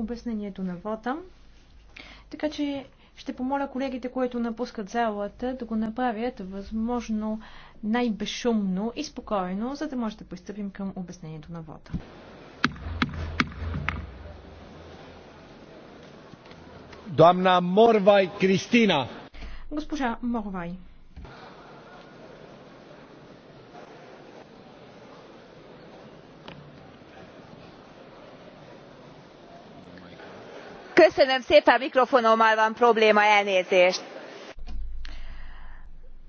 обяснението на вода. Така че ще помоля колегите, които напускат залата, да го направят възможно най-безшумно и спокойно, за да може да пристъпим към обяснението на вода. Дамна Морвай Кристина. Госпожа Морвай. köszönöm szépen mikrofonommal van probléma elnézést.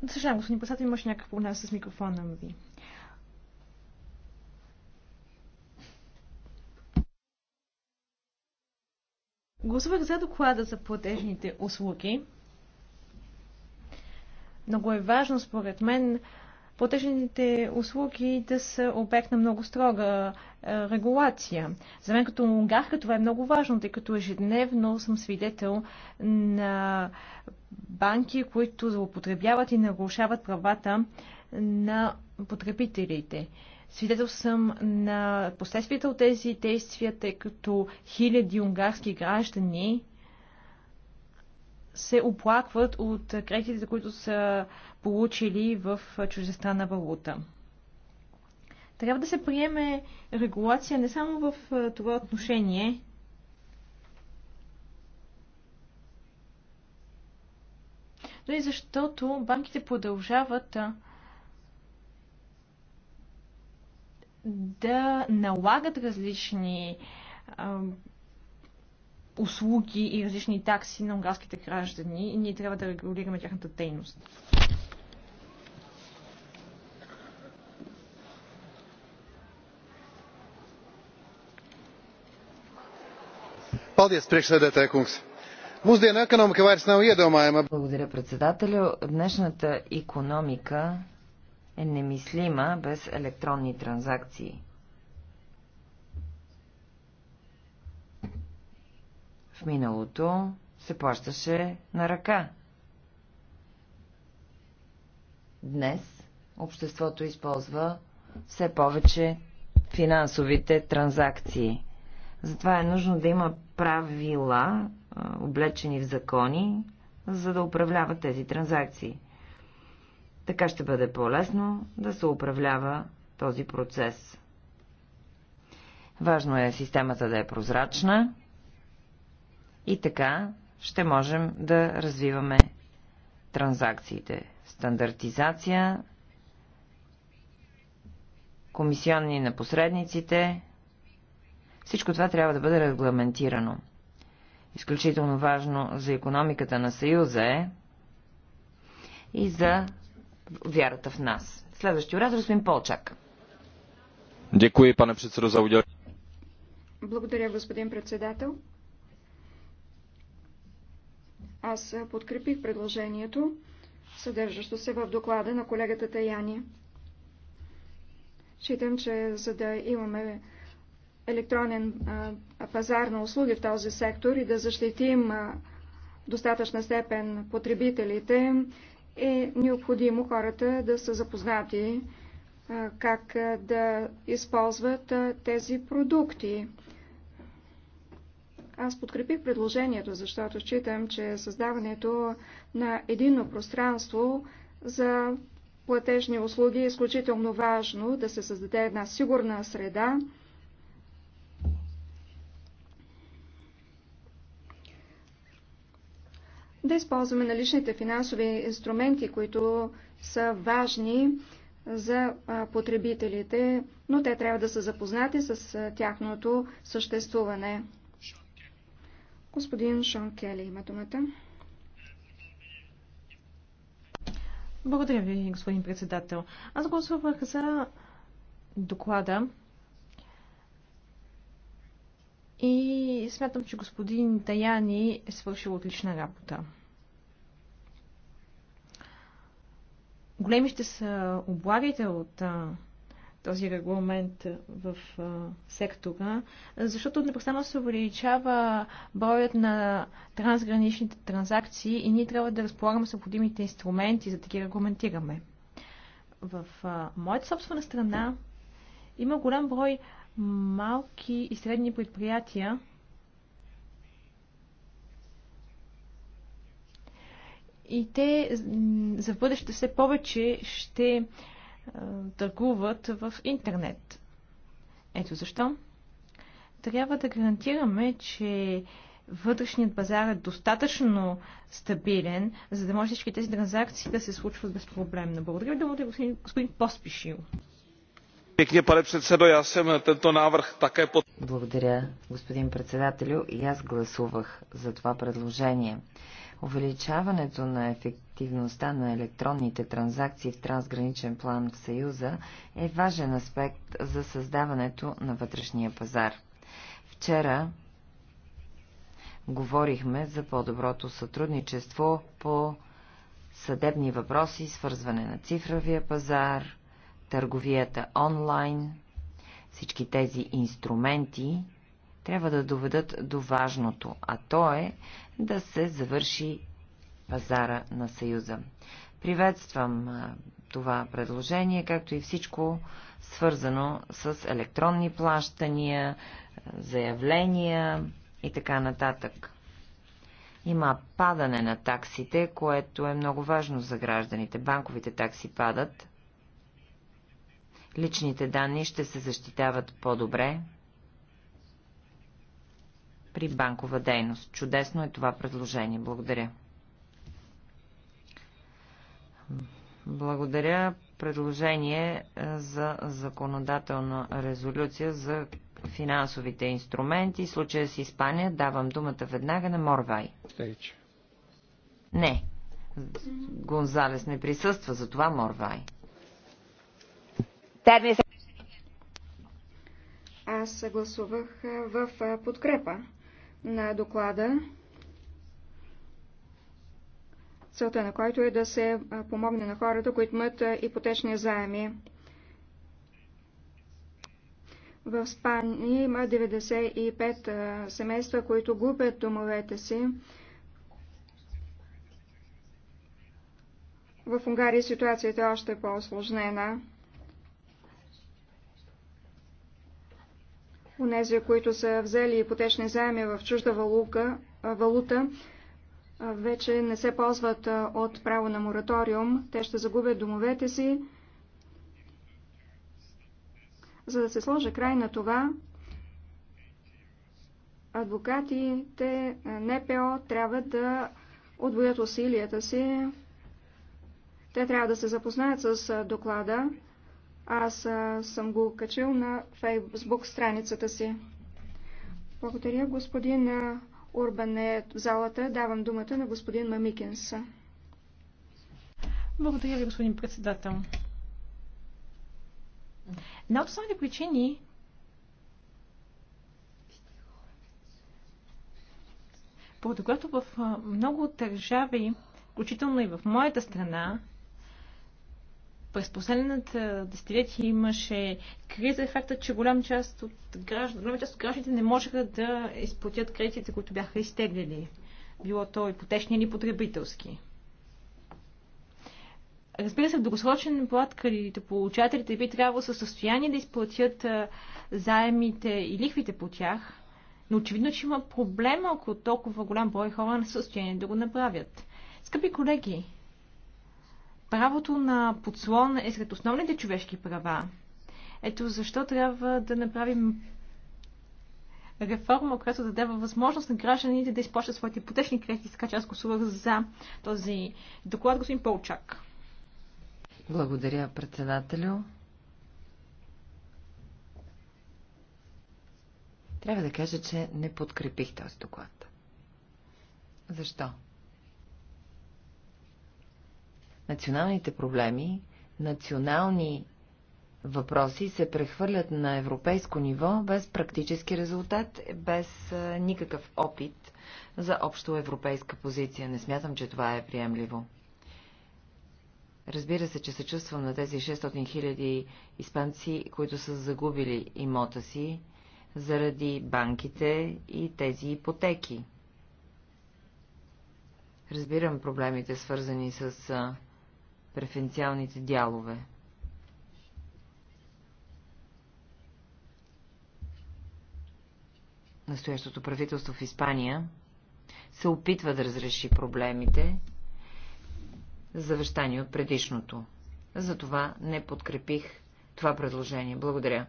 Съжалявам, господин Гласувах за доклада за платежните услуги. Много е важно, според мен, платежните услуги да са обект на много строга е, регулация. За мен като унгарка това е много важно, тъй като ежедневно съм свидетел на банки, които злоупотребяват и нарушават правата на потребителите. Свидетел съм на последствията от тези действия, тъй като хиляди унгарски граждани се оплакват от кредитите, които са получили в на валута. Трябва да се приеме регулация не само в това отношение, но и защото банките продължават да налагат различни услуги и различни такси на унгарските граждани и ние трябва да регулираме тяхната дейност. Благодаря, председателю. Днешната економика е немислима без електронни транзакции. В миналото се плащаше на ръка. Днес обществото използва все повече финансовите транзакции. Затова е нужно да има правила, облечени в закони, за да управляват тези транзакции. Така ще бъде по-лесно да се управлява този процес. Важно е системата да е прозрачна, и така ще можем да развиваме транзакциите. Стандартизация, комисионни на посредниците, всичко това трябва да бъде регламентирано. Изключително важно за економиката на Съюза е и за вярата в нас. Следващия оратор, господин Полчак. Дякую, пане председател, за Благодаря, господин председател. Аз подкрепих предложението, съдържащо се в доклада на колегата Таяни. Считам, че за да имаме електронен а, пазар на услуги в този сектор и да защитим а, в достатъчна степен потребителите, е необходимо хората да са запознати а, как да използват тези продукти аз подкрепих предложението, защото считам, че създаването на единно пространство за платежни услуги е изключително важно да се създаде една сигурна среда, да използваме наличните финансови инструменти, които са важни за потребителите, но те трябва да са запознати с тяхното съществуване. Господин Шон Кели има думата. Благодаря ви, господин председател. Аз гласувах за доклада и смятам, че господин Таяни е свършил отлична работа. Големи ще са облагите от този регламент в сектора, защото непрестанно се увеличава броят на трансграничните транзакции и ние трябва да разполагаме с необходимите инструменти, за да ги регламентираме. В моята собствена страна има голям брой малки и средни предприятия, и те за бъдеще все повече ще търгуват в интернет. Ето защо. Трябва да гарантираме, че вътрешният пазар е достатъчно стабилен, за да може всички тези транзакции да се случват безпроблемно. Благодаря ви, думата е господин, господин Поспишил. Е, е Благодаря, господин председателю. И аз гласувах за това предложение. Увеличаването на ефективността на електронните транзакции в трансграничен план в Съюза е важен аспект за създаването на вътрешния пазар. Вчера говорихме за по-доброто сътрудничество по съдебни въпроси, свързване на цифровия пазар, търговията онлайн. Всички тези инструменти трябва да доведат до важното, а то е да се завърши пазара на Съюза. Приветствам това предложение, както и всичко свързано с електронни плащания, заявления и така нататък. Има падане на таксите, което е много важно за гражданите. Банковите такси падат. Личните данни ще се защитават по-добре при банкова дейност. Чудесно е това предложение. Благодаря. Благодаря. Предложение е, за законодателна резолюция за финансовите инструменти. Случая с Испания давам думата веднага на Морвай. Не. Гонзалес не присъства, за това, Морвай. Аз гласувах е, в е, подкрепа на доклада, целта на който е да се помогне на хората, които имат ипотечни заеми. В Спания има 95 семейства, които губят домовете си. В Унгария ситуацията е още по-осложнена. Унези, които са взели ипотечни заеми в чужда валука, валута, вече не се ползват от право на мораториум. Те ще загубят домовете си. За да се сложи край на това, адвокатите, НПО трябва да отвоят усилията си. Те трябва да се запознаят с доклада аз а, съм го качил на фейсбук страницата си. Благодаря, господин Урбан е в залата. Давам думата на господин Мамикинс. Благодаря ви, господин председател. Една от основните причини, поради която в много държави, включително и в моята страна, през последната десетилетия имаше криза и факта, че голям част от граждан, голяма част от гражданите не можеха да изплатят кредитите, които бяха изтеглили. Било то ипотечни или потребителски. Разбира се, в дългосрочен плат кредитополучателите би трябвало със състояние да изплатят заемите и лихвите по тях, но очевидно, че има проблема ако толкова голям брой хора на са състояние да го направят. Скъпи колеги, Правото на подслон е сред основните човешки права. Ето защо трябва да направим реформа, която да дава възможност на гражданите да изплащат своите ипотечни кредити, така че аз гласувах за този доклад, господин Полчак. Благодаря, председателю. Трябва да кажа, че не подкрепих този доклад. Защо? националните проблеми, национални въпроси се прехвърлят на европейско ниво без практически резултат, без никакъв опит за общо европейска позиция. Не смятам, че това е приемливо. Разбира се, че се чувствам на тези 600 хиляди испанци, които са загубили имота си заради банките и тези ипотеки. Разбирам проблемите, свързани с преференциалните дялове. Настоящото правителство в Испания се опитва да разреши проблемите, завещани от предишното. Затова не подкрепих това предложение. Благодаря.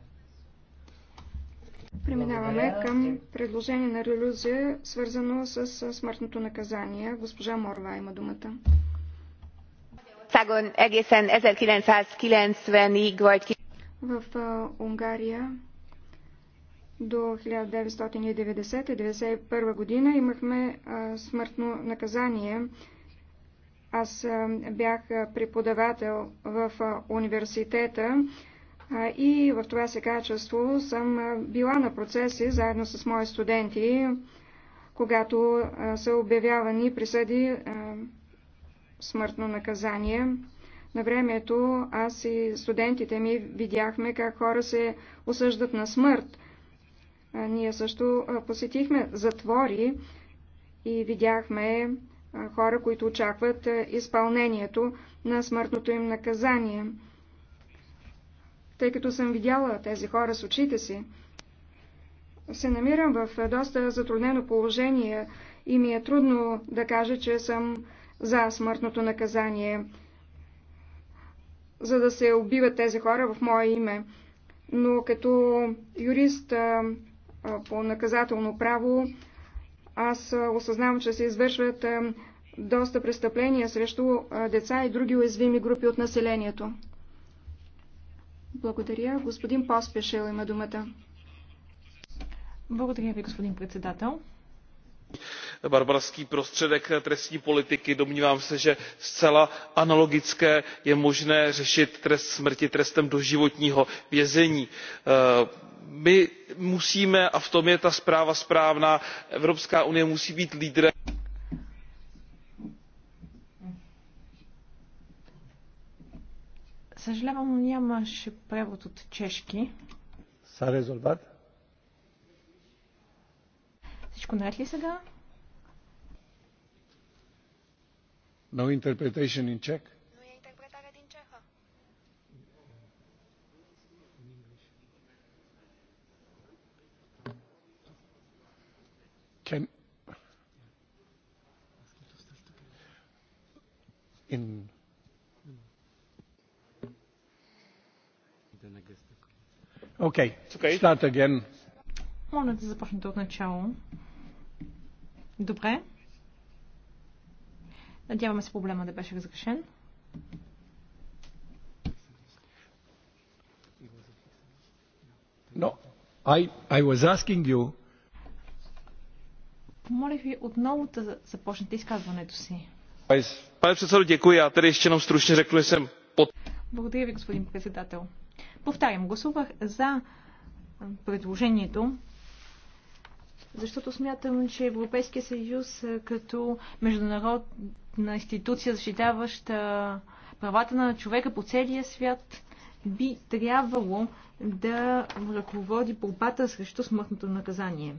Преминаваме към предложение на релюзия, свързано с смъртното наказание. Госпожа Морва има думата. Magyarországon egészen 1990-ig vagy... В Унгария до 1990-1991 година имахме смъртно наказание. Аз бях преподавател в университета и в това се качество съм била на процеси заедно с мои студенти, когато са обявявани присъди смъртно наказание. На времето аз и студентите ми видяхме как хора се осъждат на смърт. Ние също посетихме затвори и видяхме хора, които очакват изпълнението на смъртното им наказание. Тъй като съм видяла тези хора с очите си, се намирам в доста затруднено положение и ми е трудно да кажа, че съм за смъртното наказание, за да се убиват тези хора в мое име. Но като юрист по наказателно право, аз осъзнавам, че се извършват доста престъпления срещу деца и други уязвими групи от населението. Благодаря. Господин Поспешел има думата. Благодаря ви, господин председател barbarský prostředek trestní politiky domnívám se že zcela analogicky je možné řešit trest smrti trestem doživotního vězení. my musíme a v tom je ta zpráva správná evropská unie musí být lídrem всичко наред ли сега? No interpretation in Czech? Nu e interpretare din cehă. Can in Okay, start again. Моля да започнете от начало. Добре. Надяваме се проблема да беше разрешен. No, I, I was asking you. Помолих ви отново да започнете изказването си. Пане председател, děkuji. Já tedy ještě jenom stručně řeknu, že jsem pod... Благодаря ви, господин председател. Повтарям, гласувах за предложението защото смятам, че Европейския съюз като международна институция, защитаваща правата на човека по целия свят, би трябвало да ръководи борбата срещу смъртното наказание.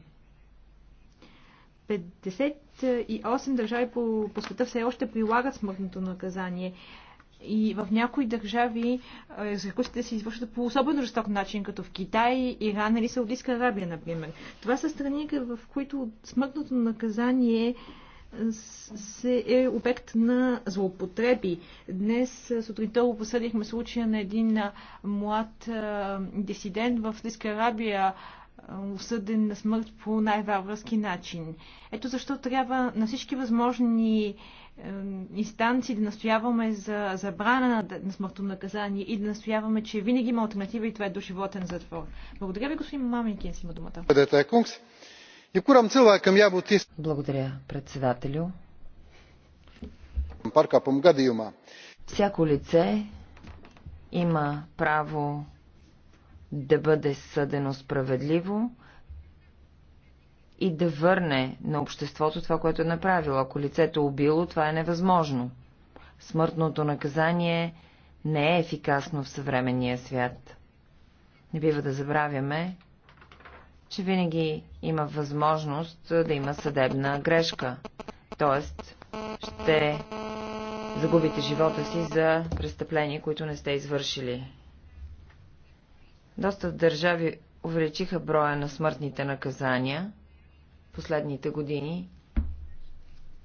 58 държави по, по света все още прилагат смъртното наказание. И в някои държави екзекуциите се извършват по особено жесток начин, като в Китай, Иран или Саудитска Арабия, например. Това са страни, в които смъртното наказание се е обект на злоупотреби. Днес сутринта посъдихме случая на един млад дисидент в Саудитска Арабия, осъден на смърт по най-варварски начин. Ето защо трябва на всички възможни е, инстанции да настояваме за забрана на, на смъртно наказание и да настояваме, че винаги има альтернатива и това е доживотен затвор. Благодаря ви, господин Маминкин, си има думата. Благодаря, председателю. Всяко лице има право да бъде съдено справедливо, и да върне на обществото това, което е направило. Ако лицето е убило, това е невъзможно. Смъртното наказание не е ефикасно в съвременния свят. Не бива да забравяме, че винаги има възможност да има съдебна грешка. Тоест, ще загубите живота си за престъпления, които не сте извършили. Доста държави увеличиха броя на смъртните наказания, последните години,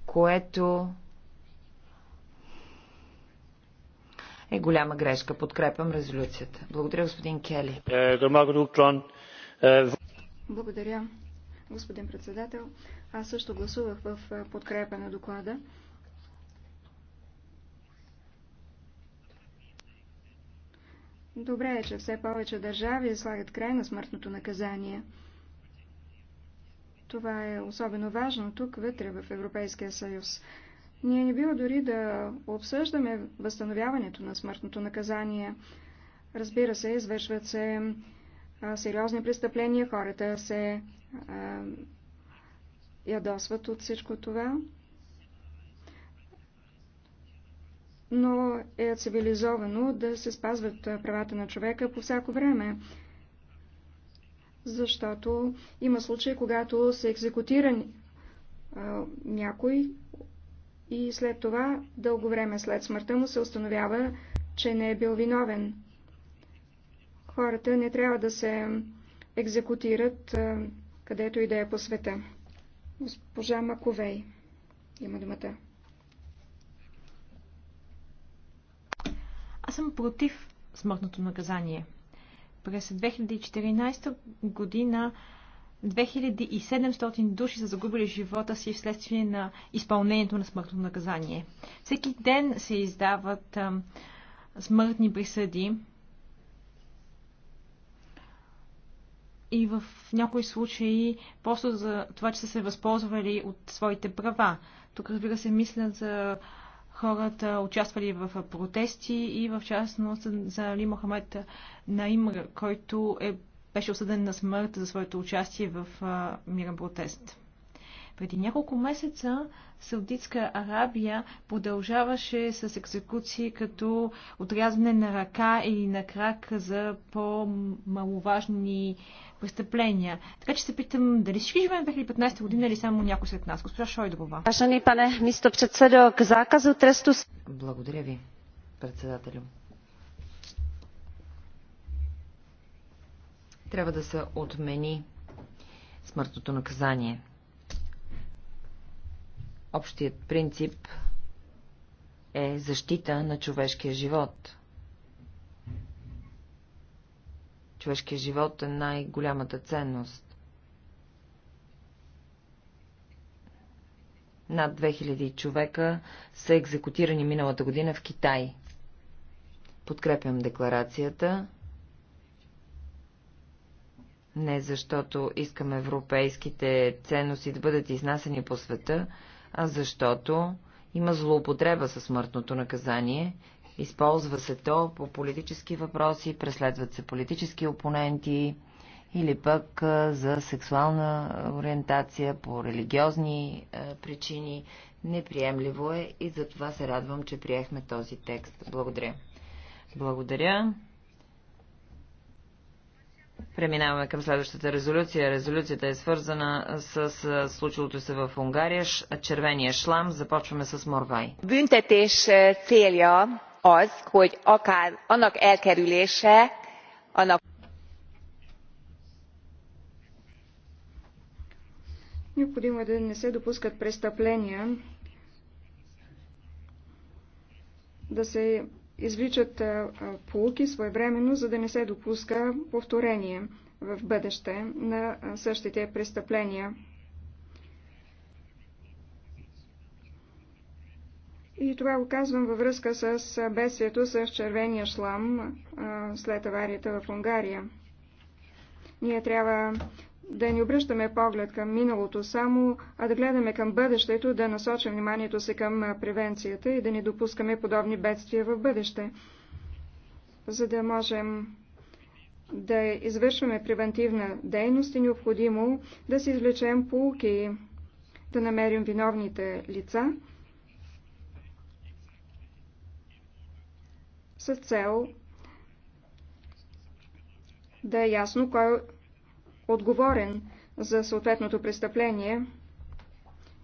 което е голяма грешка. Подкрепям резолюцията. Благодаря, господин Кели. Благодаря, господин председател. Аз също гласувах в подкрепа на доклада. Добре е, че все повече държави слагат край на смъртното наказание. Това е особено важно тук, вътре в Европейския съюз. Ние не било дори да обсъждаме възстановяването на смъртното наказание. Разбира се, извършват се а, сериозни престъпления, хората се а, ядосват от всичко това. Но е цивилизовано да се спазват правата на човека по всяко време защото има случаи, когато са екзекутирани а, някой и след това, дълго време след смъртта му, се установява, че не е бил виновен. Хората не трябва да се екзекутират а, където и да е по света. Госпожа Маковей има думата. Аз съм против смъртното наказание. През 2014 е година 2700 души са загубили живота си вследствие на изпълнението на смъртно наказание. Всеки ден се издават а, смъртни присъди и в някои случаи просто за това, че са се възползвали от своите права. Тук, разбира се, мисля за хората, участвали в протести и в частност за Али Мохамед Наим, който е, беше осъден на смърт за своето участие в мирен протест. Преди няколко месеца Саудитска Арабия продължаваше с екзекуции като отрязване на ръка или на крак за по-маловажни престъпления. Така че се питам дали всички живеем 2015 година или само някой след нас. Госпожа Шойдова. Благодаря ви, председателю. Трябва да се отмени смъртното наказание – Общият принцип е защита на човешкия живот. Човешкият живот е най-голямата ценност. Над 2000 човека са екзекутирани миналата година в Китай. Подкрепям декларацията. Не защото искам европейските ценности да бъдат изнасени по света, а защото има злоупотреба със смъртното наказание, използва се то по политически въпроси, преследват се политически опоненти или пък за сексуална ориентация по религиозни причини. Неприемливо е и затова се радвам, че приехме този текст. Благодаря. Благодаря. Преминаваме към следващата резолюция. Резолюцията е свързана с случилото се в Унгария. Червения шлам. Започваме с Морвай. Бюнтетеш célja аз, hogy акар анак елкерюлеше, анак... Необходимо е да не се допускат престъпления, да се извличат полуки своевременно, за да не се допуска повторение в бъдеще на същите престъпления. И това го казвам във връзка с бедствието с червения шлам след аварията в Унгария. Ние трябва да не обръщаме поглед към миналото само, а да гледаме към бъдещето, да насочим вниманието си към превенцията и да не допускаме подобни бедствия в бъдеще, за да можем да извършваме превентивна дейност и е необходимо да си извлечем полуки, да намерим виновните лица с цел да е ясно кой отговорен за съответното престъпление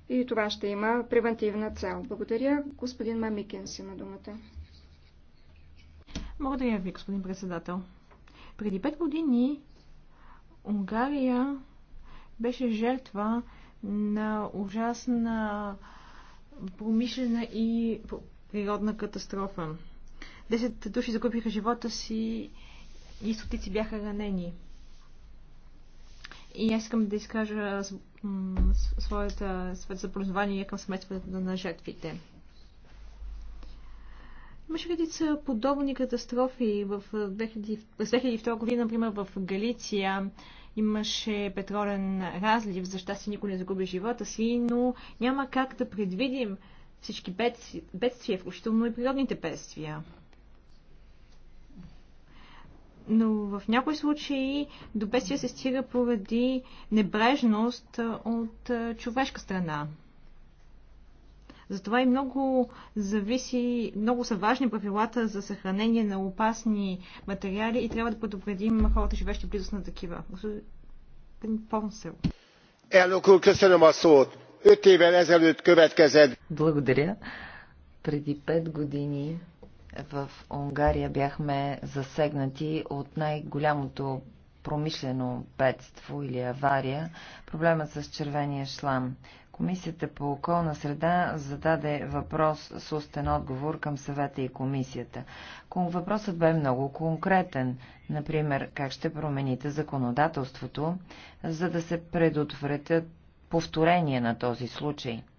и това ще има превентивна цел. Благодаря. Господин си има думата. Благодаря ви, господин председател. Преди пет години Унгария беше жертва на ужасна промишлена и природна катастрофа. Десет души загубиха живота си и стотици бяха ранени. И аз искам да изкажа своята свет за към сметствата на жертвите. Имаше редица подобни катастрофи в 2002 година, например в Галиция. Имаше петролен разлив, за щастие никой не загуби живота си, но няма как да предвидим всички бедствия включително и природните бедствия но в някои случаи до бедствия се стига поради небрежност от човешка страна. Затова и много зависи, много са важни правилата за съхранение на опасни материали и трябва да предупредим хората, живещи близост на такива. Благодаря. Преди пет години в Унгария бяхме засегнати от най-голямото промишлено бедство или авария, проблема с червения шлам. Комисията по околна среда зададе въпрос с устен отговор към съвета и комисията. Въпросът бе много конкретен, например, как ще промените законодателството, за да се предотвратят повторение на този случай –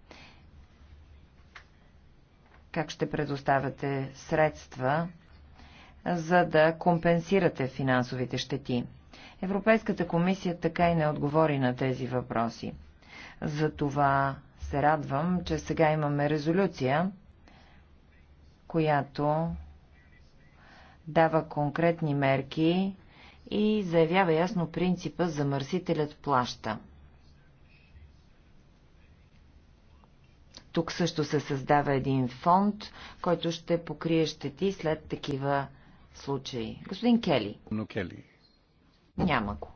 как ще предоставяте средства, за да компенсирате финансовите щети? Европейската комисия така и не отговори на тези въпроси. Затова се радвам, че сега имаме резолюция, която дава конкретни мерки и заявява ясно принципа замърсителят плаща. Тук също се създава един фонд, който ще покрие щети след такива случаи. Господин Кели. Но Кели. Няма го.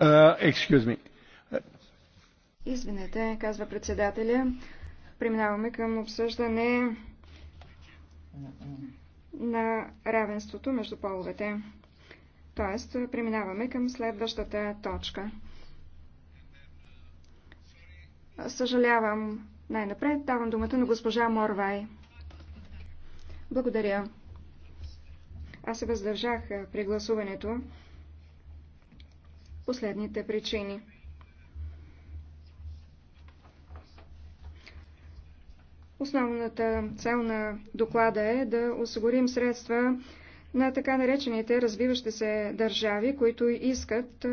Uh, excuse me. Извинете, казва председателя. Преминаваме към обсъждане на равенството между половете. Тоест, преминаваме към следващата точка. Съжалявам. Най-напред давам думата на госпожа Морвай. Благодаря. Аз се въздържах при гласуването последните причини. Основната цел на доклада е да осигурим средства на така наречените развиващи се държави, които искат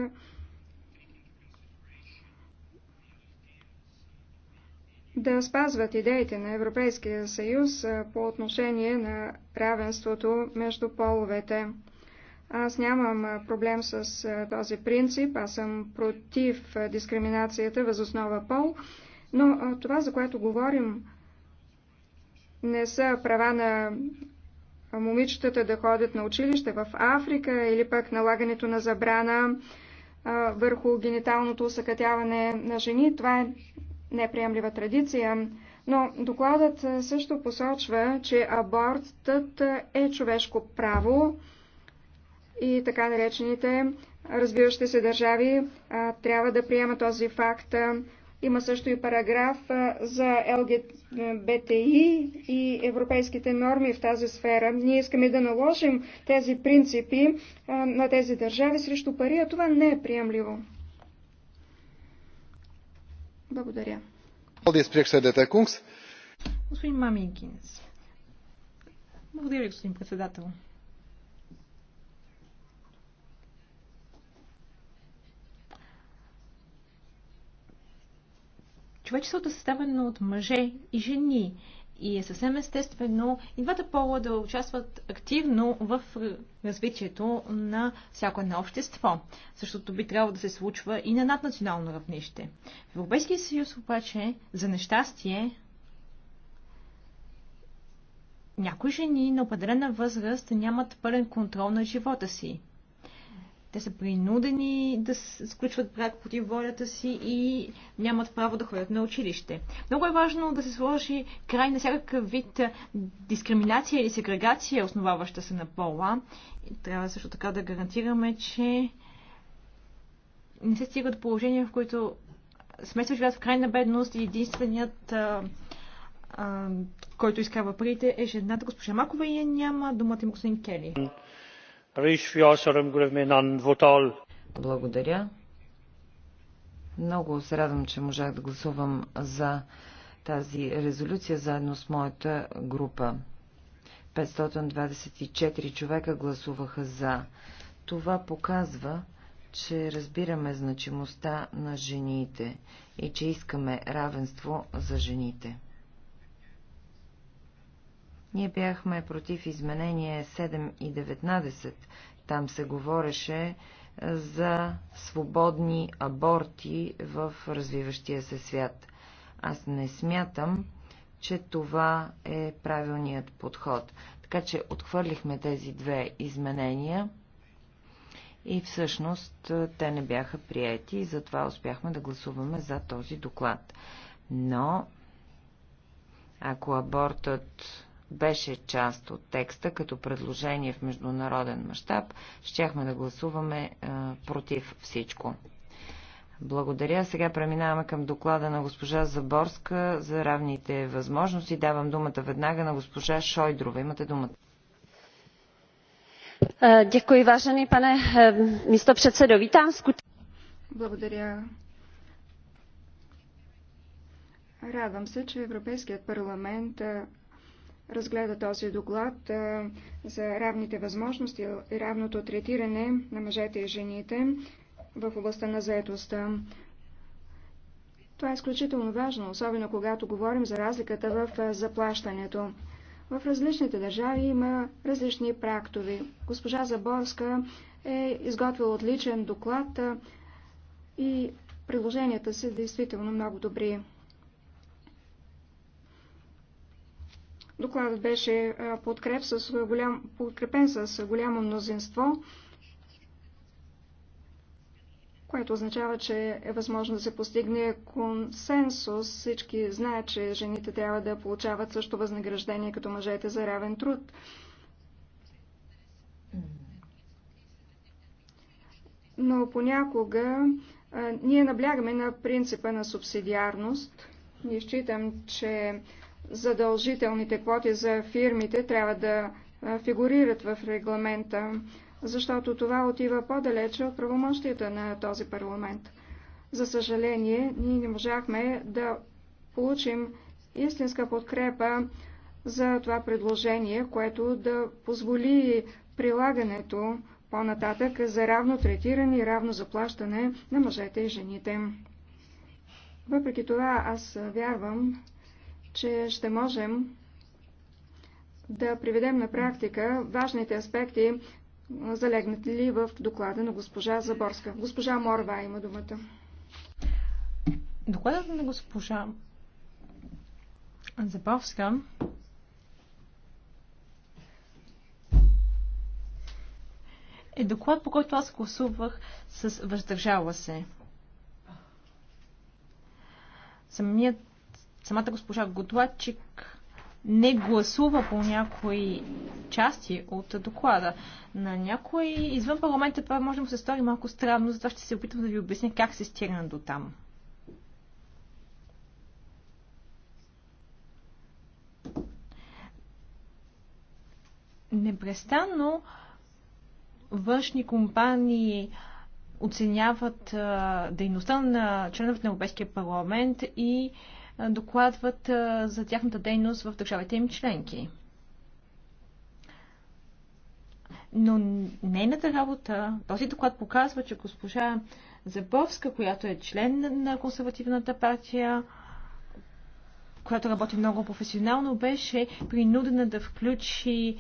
да спазват идеите на Европейския съюз по отношение на равенството между половете. Аз нямам проблем с този принцип, аз съм против дискриминацията възоснова пол, но това, за което говорим, не са права на момичетата да ходят на училище в Африка или пък налагането на забрана върху гениталното усъкътяване на жени. Това е неприемлива традиция, но докладът също посочва, че абортът е човешко право и така наречените развиващи се държави а, трябва да приема този факт. Има също и параграф а, за ЛГБТИ и европейските норми в тази сфера. Ние искаме да наложим тези принципи а, на тези държави срещу пари, а това не е приемливо. Благодаря. Господин Маминкинс. Благодаря ви, господин председател. Човечеството е съставено от мъже и жени и е съвсем естествено и двата пола да участват активно в развитието на всяко едно общество. Същото би трябвало да се случва и на наднационално равнище. В Европейския съюз обаче, за нещастие, някои жени на определена възраст нямат пълен контрол на живота си. Те са принудени да сключват брак против волята си и нямат право да ходят на училище. Много е важно да се сложи край на всякакъв вид дискриминация или сегрегация, основаваща се на пола. И трябва също така да гарантираме, че не се стига до положения, в които смесва живеят в крайна бедност и единственият а, а, който изкарва парите е жената госпожа Макова и я няма думата им господин Кели. Благодаря. Много се радвам, че можах да гласувам за тази резолюция заедно с моята група. 524 човека гласуваха за. Това показва, че разбираме значимостта на жените и че искаме равенство за жените. Ние бяхме против изменение 7 и 19. Там се говореше е, за свободни аборти в развиващия се свят. Аз не смятам, че това е правилният подход. Така че отхвърлихме тези две изменения и всъщност е, те не бяха приети и затова успяхме да гласуваме за този доклад. Но ако абортът беше част от текста като предложение в международен мащаб, щяхме да гласуваме а, е, против всичко. Благодаря. Сега преминаваме към доклада на госпожа Заборска за равните възможности. Давам думата веднага на госпожа Шойдрова. Имате думата. Děkuji, vážený pane místopředsedo. Vítám Благодаря. Радвам се, че Европейският парламент е, разгледа този доклад за равните възможности и равното третиране на мъжете и жените в областта на заедостта. Това е изключително важно, особено когато говорим за разликата в заплащането. В различните държави има различни практови. Госпожа Заборска е изготвила отличен доклад и приложенията са действително много добри. Докладът беше подкреп с голям, подкрепен с голямо мнозинство, което означава, че е възможно да се постигне консенсус. Всички знаят, че жените трябва да получават също възнаграждение като мъжете за равен труд. Но понякога а, ние наблягаме на принципа на субсидиарност. Ние считам, че задължителните квоти за фирмите трябва да фигурират в регламента, защото това отива по-далече от правомощията на този парламент. За съжаление, ние не можахме да получим истинска подкрепа за това предложение, което да позволи прилагането по-нататък за равно третиране и равно заплащане на мъжете и жените. Въпреки това аз вярвам, че ще можем да приведем на практика важните аспекти, залегнати ли в доклада на госпожа Заборска. Госпожа Морва има думата. Докладът на госпожа Заборска е доклад, по който аз гласувах с въздържала се. Самият Самата госпожа Готлачик не гласува по някои части от доклада. На някои. извън парламента това може да му се стори малко странно, затова ще се опитам да ви обясня как се стигна до там. Непрестанно външни компании оценяват дейността на членовете на Европейския парламент и а, докладват за тяхната дейност в държавите им членки. Но нейната работа, този доклад показва, че госпожа Забовска, която е член на консервативната партия, която работи много професионално, беше принудена да включи е,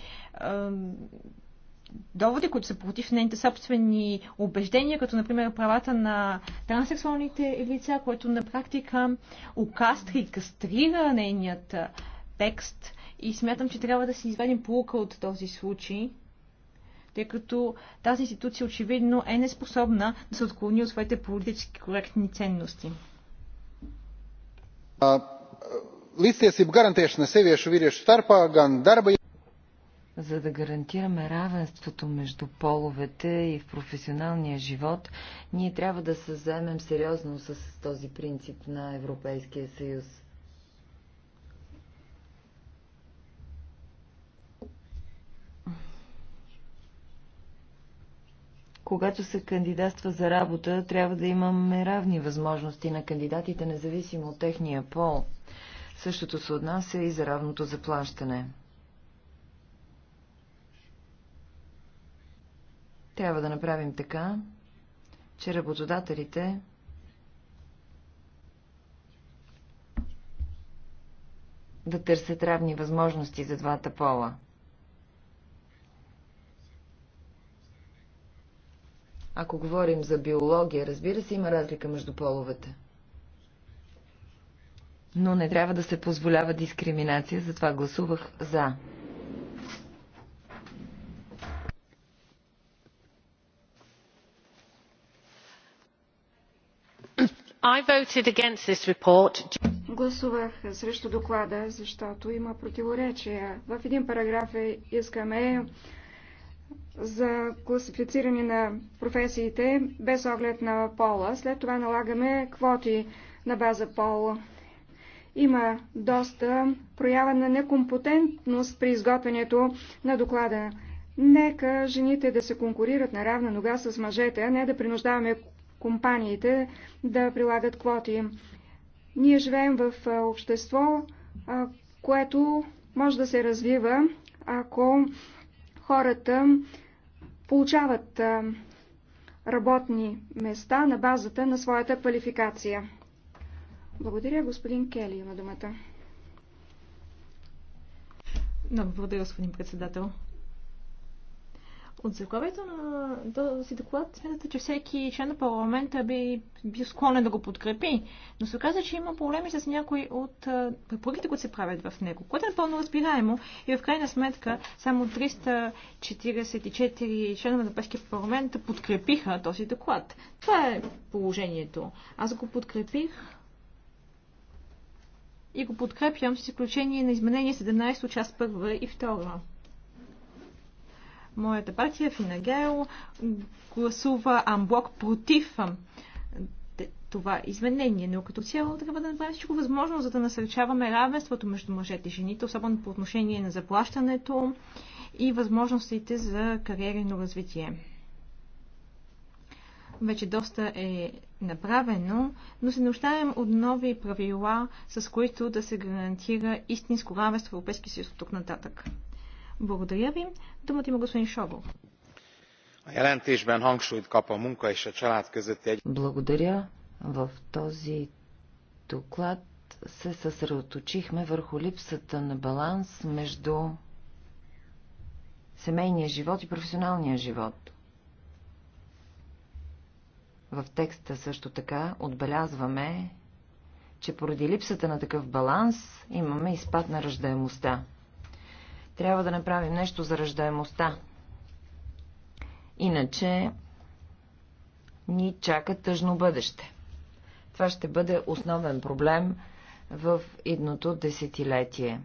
доводи, които са против нейните собствени убеждения, като например правата на транссексуалните лица, което на практика окастри, кастрира нейният текст. И смятам, че трябва да се извадим полука от този случай, тъй като тази институция очевидно е неспособна да се отклони от своите политически коректни ценности. на себе, ще видиш starpā ган дарба за да гарантираме равенството между половете и в професионалния живот, ние трябва да се заемем сериозно с този принцип на Европейския съюз. Когато се кандидатства за работа, трябва да имаме равни възможности на кандидатите, независимо от техния пол. Същото се отнася и за равното заплащане. Трябва да направим така, че работодателите да търсят равни възможности за двата пола. Ако говорим за биология, разбира се, има разлика между половете. Но не трябва да се позволява дискриминация, затова гласувах за. Гласувах срещу доклада, защото има противоречия. В един параграф е, искаме за класифициране на професиите без оглед на пола. След това налагаме квоти на база пола. Има доста проява на некомпетентност при изготвянето на доклада. Нека жените да се конкурират на равна нога с мъжете, а не да принуждаваме компаниите да прилагат квоти. Ние живеем в общество, което може да се развива, ако хората получават работни места на базата на своята квалификация. Благодаря, господин Кели, има думата. Много благодаря, господин председател. От заглавието на този доклад смятате, че всеки член на парламента би бил склонен да го подкрепи, но се оказа, че има проблеми с някои от препоръките, които се правят в него, което е напълно разбираемо и в крайна сметка само 344 членове на Европейския парламент подкрепиха този доклад. Това е положението. Аз го подкрепих и го подкрепям с изключение на изменение 17 част 1 и 2. Моята партия Финагел гласува Амблок против това изменение, но като цяло трябва да направим всичко възможно, за да насърчаваме равенството между мъжете и жените, особено по отношение на заплащането и възможностите за кариерно развитие. Вече доста е направено, но се нуждаем от нови правила, с които да се гарантира истинско равенство в Европейския съюз от тук нататък. Благодаря ви. Думата има господин Шогов. Благодаря. В този доклад се съсредоточихме върху липсата на баланс между семейния живот и професионалния живот. В текста също така отбелязваме, че поради липсата на такъв баланс имаме изпад на ръждаемостта. Трябва да направим нещо за ръждаемостта. Иначе ни чака тъжно бъдеще. Това ще бъде основен проблем в идното десетилетие.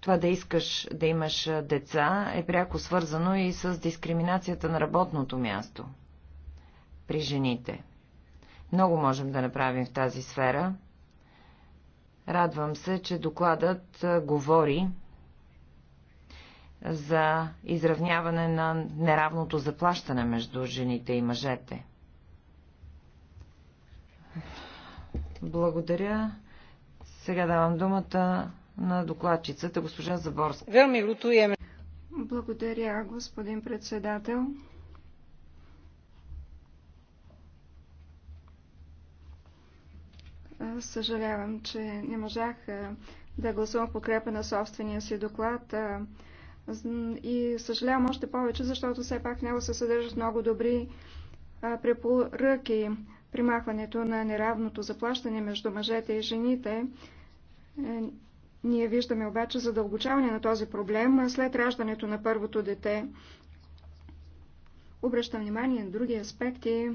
Това да искаш да имаш деца е пряко свързано и с дискриминацията на работното място при жените. Много можем да направим в тази сфера – Радвам се, че докладът говори за изравняване на неравното заплащане между жените и мъжете. Благодаря. Сега давам думата на докладчицата, госпожа Заборска. Благодаря, господин председател. Съжалявам, че не можах да гласувам подкрепа на собствения си доклад. И съжалявам още повече, защото все пак в него се съдържат много добри препоръки. Примахването на неравното заплащане между мъжете и жените. Е, ние виждаме обаче задълбочаване на този проблем след раждането на първото дете. Обръщам внимание на други аспекти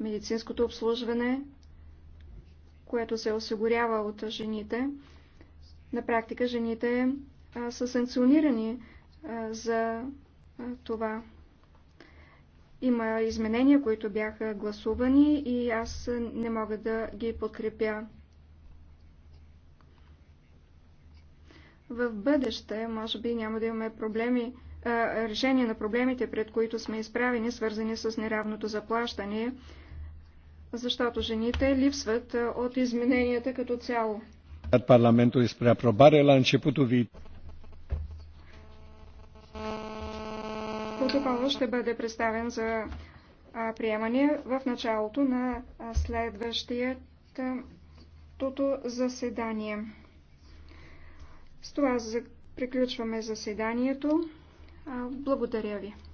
медицинското обслужване, което се осигурява от жените. На практика жените са санкционирани за това. Има изменения, които бяха гласувани и аз не мога да ги подкрепя. В бъдеще, може би, няма да имаме проблеми, а, решение на проблемите, пред които сме изправени, свързани с неравното заплащане защото жените липсват от измененията като цяло. Парламентului spre aprobare la începutul viitor. Протоколът ще бъде представен за приемане в началото на следващото заседание. С това приключваме заседанието. Благодаря ви.